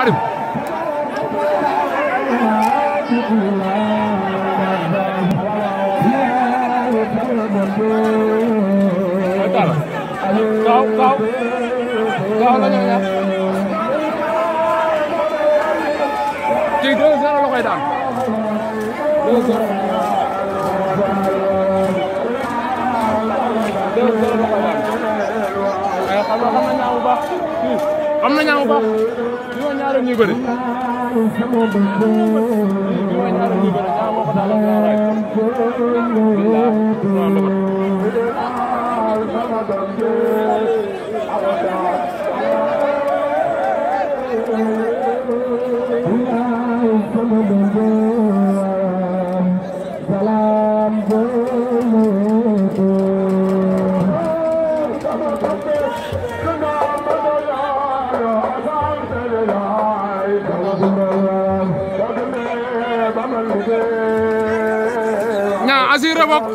Go, go. Go, go, go. Kii deux zéro la koy daan. Deux zéro. Deux zéro la koy daan. Xam nga xam nga ñaaw bu baax. am na ñaar bu baax bi ma ñaareel ñuy ñaa assuré bokk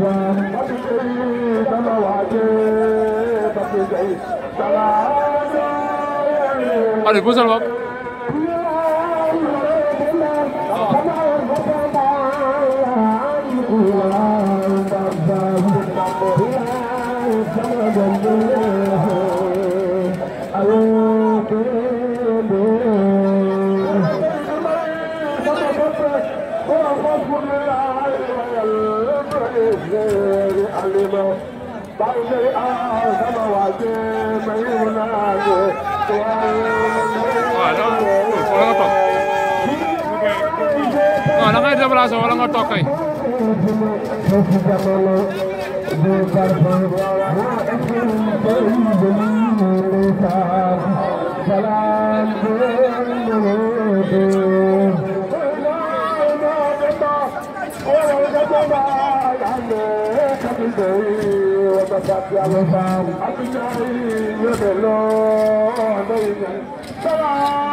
Bye-bye. Hadi güzel bak. Altyazı bàyyi aw sama waa ji mayu naa ko waaw da ngay déplacé wala nga toog kay Thank you. kat yàlla baax. ak ñaari yóbbe loo